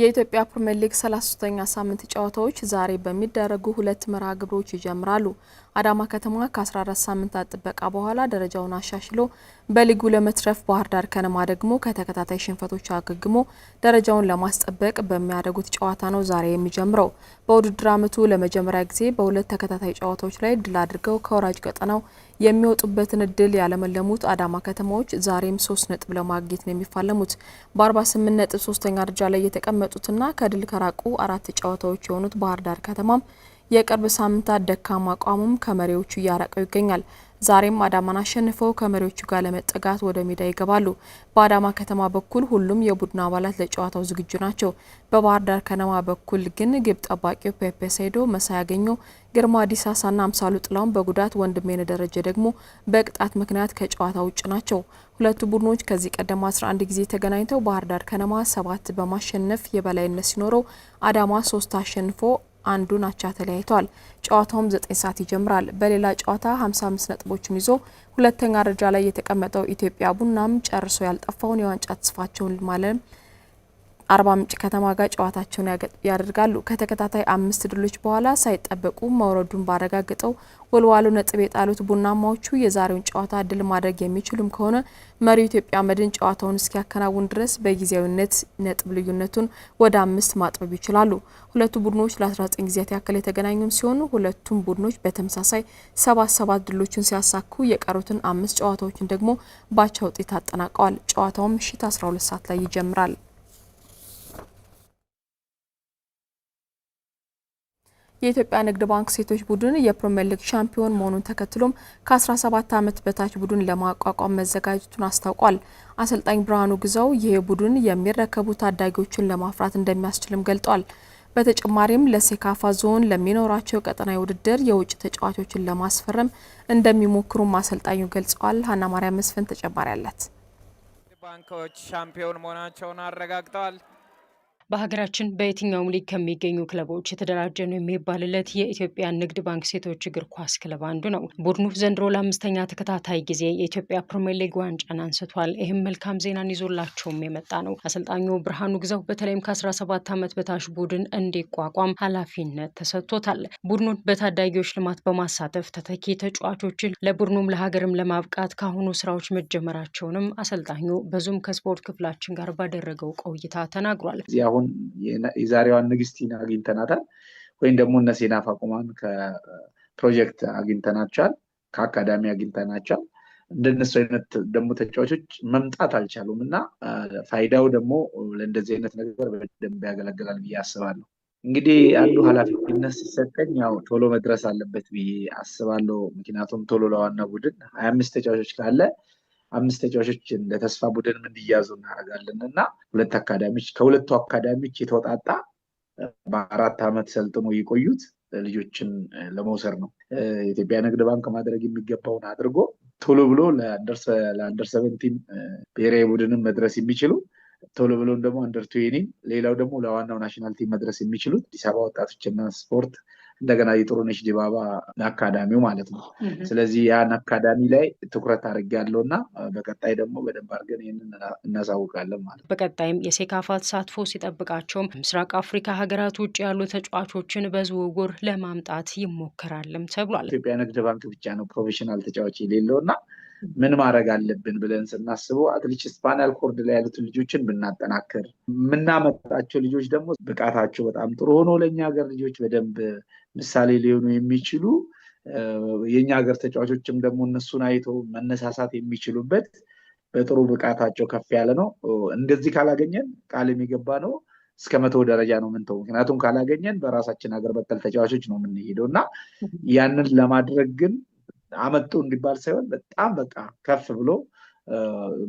የኢትዮጵያ ፕሪምየር ሊግ 33ኛ ሳምንት ጨዋታዎች ዛሬ በሚደረጉ ሁለት መርሃ ግብሮች ይጀምራሉ። አዳማ ከተማ ከ14 ሳምንታት ጥበቃ በኋላ ደረጃውን አሻሽሎ በሊጉ ለመትረፍ፣ ባህር ዳር ከነማ ደግሞ ከተከታታይ ሽንፈቶች አገግሞ ደረጃውን ለማስጠበቅ በሚያደርጉት ጨዋታ ነው ዛሬ የሚጀምረው። በውድድር ዓመቱ ለመጀመሪያ ጊዜ በሁለት ተከታታይ ጨዋታዎች ላይ ድል አድርገው ከወራጅ ቀጠናው የሚወጡበትን እድል ያለመለሙት አዳማ ከተማዎች ዛሬም ሶስት ነጥብ ለማግኘት ነው የሚፋለሙት። በ48 ነጥብ ሶስተኛ ደረጃ ላይ የተቀመጡትና ከድል ከራቁ አራት ጨዋታዎች የሆኑት ባህር ዳር ከተማም የቅርብ ሳምንታት ደካማ አቋሙም ከመሪዎቹ እያራቀው ይገኛል። ዛሬም አዳማን አሸንፈው ከመሪዎቹ ጋር ለመጠጋት ወደ ሜዳ ይገባሉ። በአዳማ ከተማ በኩል ሁሉም የቡድን አባላት ለጨዋታው ዝግጁ ናቸው። በባህር ዳር ከነማ በኩል ግን ግብ ጠባቂው ፔፔ ሴዶ፣ መሳይ ያገኘው፣ ግርማ ና አምሳሉ ጥላውን በጉዳት ወንድሜነ ደረጀ ደግሞ በቅጣት ምክንያት ከጨዋታ ውጭ ናቸው። ሁለቱ ቡድኖች ከዚህ ቀደም 11 ጊዜ ተገናኝተው ባህር ዳር ከነማ ሰባት በማሸነፍ የበላይነት ሲኖረው አዳማ ሶስት አሸንፎ አንዱን አቻ ተለያይቷል። ጨዋታውም ዘጠኝ ሰዓት ይጀምራል። በሌላ ጨዋታ 55 ነጥቦችን ይዞ ሁለተኛ ደረጃ ላይ የተቀመጠው ኢትዮጵያ ቡናም ጨርሶ ያልጠፋውን የዋንጫ ተስፋቸውን ማለም አርባ ምንጭ ከተማ ጋር ጨዋታቸውን ያደርጋሉ። ከተከታታይ አምስት ድሎች በኋላ ሳይጠበቁ መውረዱን ባረጋግጠው ወልዋሎ ነጥብ የጣሉት ቡናማዎቹ የዛሬውን ጨዋታ ድል ማድረግ የሚችሉም ከሆነ መሪው ኢትዮጵያ መድን ጨዋታውን እስኪያከናውን ድረስ በጊዜያዊነት ነጥብ ልዩነቱን ወደ አምስት ማጥበብ ይችላሉ። ሁለቱ ቡድኖች ለ19 ጊዜያት ያክል የተገናኙም ሲሆኑ ሁለቱም ቡድኖች በተመሳሳይ ሰባት ሰባት ድሎችን ሲያሳኩ የቀሩትን አምስት ጨዋታዎችን ደግሞ ባቻ ውጤት አጠናቀዋል። ጨዋታውም ምሽት 12 ሰዓት ላይ ይጀምራል። የኢትዮጵያ ንግድ ባንክ ሴቶች ቡድን የፕሪምየር ሊግ ሻምፒዮን መሆኑን ተከትሎም ከ17 ዓመት በታች ቡድን ለማቋቋም መዘጋጀቱን አስታውቋል። አሰልጣኝ ብርሃኑ ግዛው ይህ ቡድን የሚረከቡ ታዳጊዎችን ለማፍራት እንደሚያስችልም ገልጧል። በተጨማሪም ለሴካፋ ዞን ለሚኖራቸው ቀጠናዊ ውድድር የውጭ ተጫዋቾችን ለማስፈረም እንደሚሞክሩም አሰልጣኙ ገልጸዋል። ሀና ማርያም መስፍን ተጨማሪ አላት። ባንኮች ሻምፒዮን መሆናቸውን አረጋግጠዋል። በሀገራችን በየትኛውም ሊግ ከሚገኙ ክለቦች የተደራጀ ነው የሚባልለት የኢትዮጵያ ንግድ ባንክ ሴቶች እግር ኳስ ክለብ አንዱ ነው። ቡድኑ ዘንድሮ ለአምስተኛ ተከታታይ ጊዜ የኢትዮጵያ ፕሪምየር ሊግ ዋንጫን አንስቷል። ይህም መልካም ዜናን ይዞላቸውም የመጣ ነው። አሰልጣኙ ብርሃኑ ግዛው በተለይም ከ17 ዓመት በታች ቡድን እንዲቋቋም ኃላፊነት ተሰጥቶታል። ቡድኑን በታዳጊዎች ልማት በማሳተፍ ተተኪ ተጫዋቾችን ለቡድኑም ለሀገርም ለማብቃት ካሁኑ ስራዎች መጀመራቸውንም አሰልጣኙ በዙም ከስፖርት ክፍላችን ጋር ባደረገው ቆይታ ተናግሯል። አሁን የዛሬዋን ንግስቲን አግኝተናታል ወይም ደግሞ እነ ሴና ፋቁማን ከፕሮጀክት አግኝተናቸዋል ከአካዳሚ አግኝተናቸዋል እንደነሱ አይነት ደግሞ ተጫዋቾች መምጣት አልቻሉም እና ፋይዳው ደግሞ ለእንደዚህ አይነት ነገር በደንብ ያገለግላል ብዬ አስባለሁ እንግዲህ አንዱ ሀላፊነት ሲሰጠኝ ያው ቶሎ መድረስ አለበት ብዬ አስባለሁ። ምክንያቱም ቶሎ ለዋና ቡድን ሀያ አምስት ተጫዋቾች ካለ አምስት ተጫዋቾች ለተስፋ ቡድን እንዲያዙ እናደርጋለን እና ሁለት አካዳሚዎች ከሁለቱ አካዳሚዎች የተወጣጣ በአራት ዓመት ሰልጥኖ የቆዩት ልጆችን ለመውሰድ ነው። የኢትዮጵያ ንግድ ባንክ ማድረግ የሚገባውን አድርጎ ቶሎ ብሎ ለአንደር ሰቨንቲን ብሔራዊ ቡድንን መድረስ የሚችሉ ቶሎ ብሎም ደግሞ አንደር ቱዌኒን ሌላው ደግሞ ለዋናው ናሽናል ቲም መድረስ የሚችሉት አዲስ አበባ ወጣቶችና ስፖርት እንደገና የጥሩነሽ ዲባባ አካዳሚው ማለት ነው። ስለዚህ ያን አካዳሚ ላይ ትኩረት ያለው እና በቀጣይ ደግሞ በደንብ አድርገን ይህንን እናሳውቃለን ማለት ነው። በቀጣይም የሴካፋ ተሳትፎ ሲጠብቃቸውም ምስራቅ አፍሪካ ሀገራት ውጭ ያሉ ተጫዋቾችን በዝውውር ለማምጣት ይሞከራልም ተብሏል። ኢትዮጵያ ንግድ ባንክ ብቻ ነው ፕሮፌሽናል ተጫዋች የሌለው እና ምን ማድረግ አለብን ብለን ስናስበው አትሊች ስፓናል ኮርድ ላይ ያሉትን ልጆችን ብናጠናክር፣ የምናመጣቸው ልጆች ደግሞ ብቃታቸው በጣም ጥሩ ሆኖ ለእኛ ሀገር ልጆች በደንብ ምሳሌ ሊሆኑ የሚችሉ የእኛ ሀገር ተጫዋቾችም ደግሞ እነሱን አይቶ መነሳሳት የሚችሉበት በጥሩ ብቃታቸው ከፍ ያለ ነው። እንደዚህ ካላገኘን ቃል የሚገባ ነው እስከ መቶ ደረጃ ነው ምንተው። ምክንያቱም ካላገኘን በራሳችን ሀገር በቀል ተጫዋቾች ነው የምንሄደው እና ያንን ለማድረግ ግን አመጡ እንዲባል ሳይሆን በጣም በቃ ከፍ ብሎ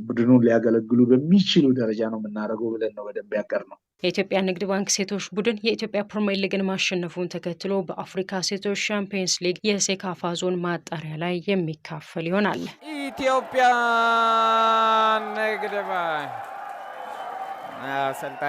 ቡድኑን ሊያገለግሉ በሚችሉ ደረጃ ነው የምናደርገው ብለን ነው በደንብ ያቀር ነው። የኢትዮጵያ ንግድ ባንክ ሴቶች ቡድን የኢትዮጵያ ፕሪሚየር ሊግን ማሸነፉን ተከትሎ በአፍሪካ ሴቶች ሻምፒየንስ ሊግ የሴካፋ ዞን ማጣሪያ ላይ የሚካፈል ይሆናል። ኢትዮጵያ ንግድ ባንክ አሰልጣኝ